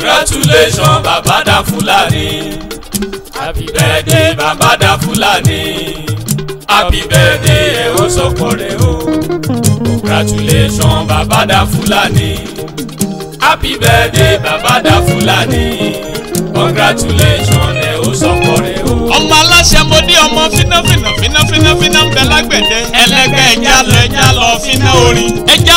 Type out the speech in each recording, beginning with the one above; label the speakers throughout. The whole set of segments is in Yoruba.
Speaker 1: congratulations Babada Fulani. happy birthday Babada Fulani. happy birthday ẹ ó sọpọ̀ o congratulations Babada Fulani. happy birthday Babada Fulani. Fúlàní congratulations ẹ ó sọpọ̀ rẹ o. ọmọ aláṣẹ mo ní ọmọ fínáfínà fínáfínà fínáfínà ń bẹ lágbẹ̀dẹ ẹlẹgbẹ́ ẹja lọ ẹja lọ fíná orin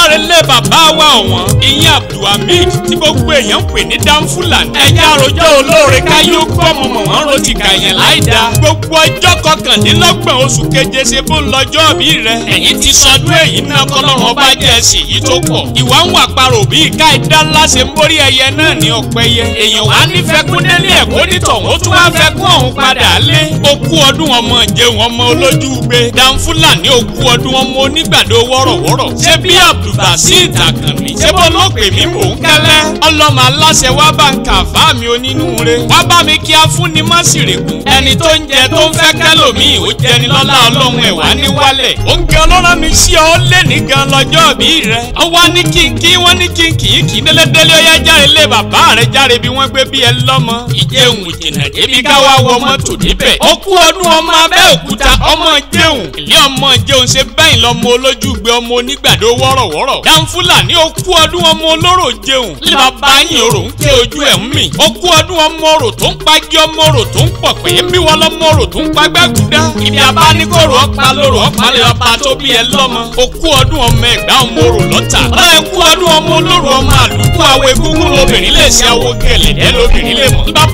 Speaker 1: alárẹ̀lẹ̀ bàbá wa ọ̀wọ́n ìyẹn abdulhamid tí gbogbo èèyàn ń pè ní danfulani. ẹ̀yà àròjọ olóore káyé ó gbọ́mọ mọ̀ wọ́n ro ti kàyàn láì da. gbogbo ọjọ́ kọkàndínlọ́gbọ̀n oṣù keje ṣe bó ń lọ́jọ́ bí rẹ̀. ẹ̀yin ti sọdún èyí náà kọ́lọ́run ọba jẹ́ ẹ̀sìn yìí tó pọ̀. ìwà ń wà parò bí ìka ìdá ńlá ṣe ń borí ẹyẹ náà ní ọ̀pẹ̀yẹ. èèyàn wá ní fẹkún délé ẹ̀kọ́ nítọ̀hún ó tún wá fẹkún ọ̀hún padà lé. ó kú ọdún ọmọ ìjẹun ọmọ olójú gbé. danfulani ó kú ọdún ọmọ onígbàdo gbà sí ìtàkùn mi. ṣé mo ló pè mí mò ń kẹ́lẹ́. ọlọ́mọ aláṣẹ wá bá ń kà fá mi onínúure. wá bá mi kí afúnni má sì rèkùn. ẹni tó ń jẹ tó ń fẹ́ kẹ́lòmíì ó jẹni lọ́lá ọlọ́run ẹ̀ wá ní wálẹ̀. oúnjẹ ọlọ́run mi ṣí ọ lé ní gan lọ́jọ́ òbí rẹ. ọwọ́ ní kínkí wọ́n ní kínkì kì í délédélé ọyá járe lé bàbá rẹ járe bí wọ́n gbé bí ẹ lọ́mọ. ìjẹun jìnnà débi ọmọ jẹun. ṣe bẹ́yìn lọ́mọ olójúgbe ọmọ onígbàdo wọ́rọ̀wọ́ ọ̀rọ̀ Danfulani ó kú ọdún ọmọ olóró jẹun bàbá yìí orò ń ké ojú ẹ̀ ń mì ó kú ọdún ọmọ orò tó ń pagi ọmọ orò tó ń pọ̀ pé ń bí wọn lọ́mọ orò tó ń pagbágudá ìbí abánikóró ọ̀pá lóró ọ̀pá lè ọ̀pá tó bí ẹ lọ́mọ ó kú ọdún ọmọ ẹ̀gbá ọmọ orò lọ́tà ó ẹ ọdún ọmọ olóró ọmọ àlùkò àwọn egúngún lobìnrin lè ṣe àwọn òkèlè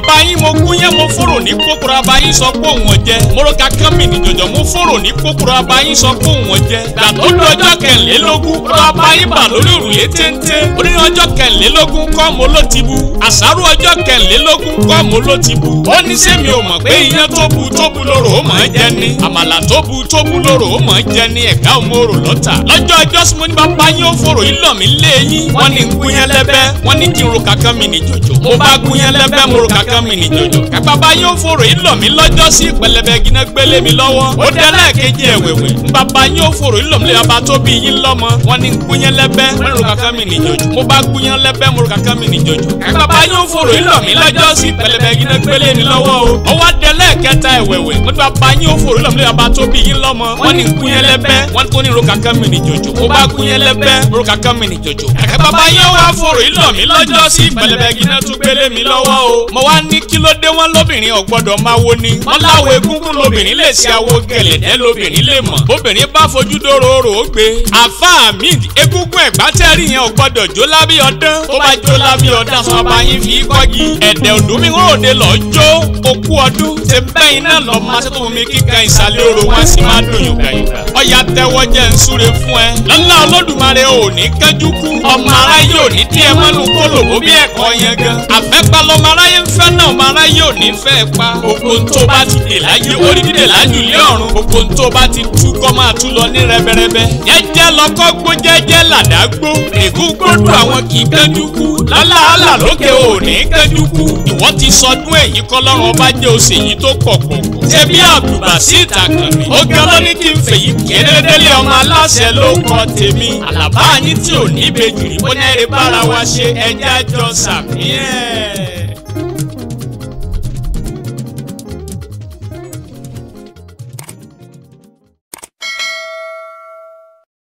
Speaker 1: bá yín mo gún yẹn mo fòrò ní kókòrò abayín sọ pé òun ọ̀jẹ́ moroka kánmi ní jọjọ mo fòrò ní kókòrò abayín sọ pé òun ọ̀jẹ́ dàtọ́jú ọjọ́ kẹlélógún rọ abayín bà lórí òrùlé téńté orí ọjọ́ kẹlélógún kọ́ mo ló ti bu àṣàrò ọjọ́ kẹlélógún kọ́ mo ló ti bu ó ní sẹ́mi ò mọ̀ pé iyán tó bu tó bu lóró mọ̀ ẹ́ jẹ ni àmàlà tó bu tó bu lóró mọ̀ ẹ́ jẹ ni ẹ̀ka òmòrò lọ́tà yan mi nìjòjò. kẹpà bá yóò fòrò yìí lọ mí lọ́jọ́ sí pẹlẹbẹ gíná gbélé mi lọ́wọ́. ó dé lẹ́ẹ̀kejì ẹ̀wẹ̀wẹ̀. bàbá yóò fòrò yìí lọ mí lọ́ba tó bí yín lọ́mọ. wọ́n ní gbúyán lẹ́bẹ́ wọ́n kankan mi nìjòjò. mo bá gbúyán lẹ́bẹ́ mo kankan mi nìjòjò. kẹpà bá yóò fòrò yìí lọ mí lọ́jọ́ sí pẹlẹbẹ gíná gbélé mi lọ́wọ́ o. ó wá dé lẹ́ẹ̀kẹta ẹ̀wẹ̀wẹ̀. mo bá bá yóò fòrò yìí lọ mí lọ́ba tó bí yín lọ́mọ. wọ́n ní gbúyán lẹ́bẹ́ wọ́n kò ní rò lọ mí lọ́jọ́ sí pẹlẹbẹ gíná gbélé mi lọ́wọ́ o. mo wá ní ní kí ló dé wọn lóbìnrin ọ̀gbọ́dọ̀ máa wo ni. wọ́n láwo egúngún lóbìnrin lè ṣe awo gẹ̀lẹ̀dẹ́ lóbìnrin lè mọ̀. obìnrin bá fojú dóró rò ó gbé. àfa amid egúngún ẹ̀gbá yẹn ọ̀gbọ́dọ̀ jó lábí ọdán. tó bá jó lábí ọdán sọ bá yín fi kọ́gi. ẹ̀dẹ̀ òdùnmí wọn ò de lọ jó okú ọdún. ṣe bẹ́yìn náà lọ máa ṣètò omi kíka ìsàlẹ̀ oró wá sí máa dùn yùngà yùngà. ọ̀yà tẹ́wọ́ jẹ́ ń súre fún ẹ. lọ́lá olódùmarè ò ní kú. ọmọ aráyé ò ní díẹ̀ mọ́nú kólòbó bí ẹ̀kọ́ yẹn gan. àfẹ́gbá lọ́mọ aráyé ń fẹ́ ọmọ aráyé ò ní fẹ́ pa. gbogbo ń tó bá ti dè láyé orí dídè lájú ilé ọ̀run. gbogbo ń tó bá ti tú kọ́ máa tú lọ ní rẹ́bẹ́rẹ́bẹ́. jẹ́jẹ́ lọ́kọ́ gbó jẹ́jẹ́ làdá gbó. ègún gbódùn àwọn kì í kánjú kú. lálàálà lókè ò ní kánjú kú. ìwọ ti sọdún èyí kọ́lọ́run ọba jẹ́ oṣù èyí tó pọ̀ pọ̀. ṣebí àbùbà sí ìtàkùn mi. ó gan lọ́ní kí n fèyí kérédélé ọmọ aláṣẹ ló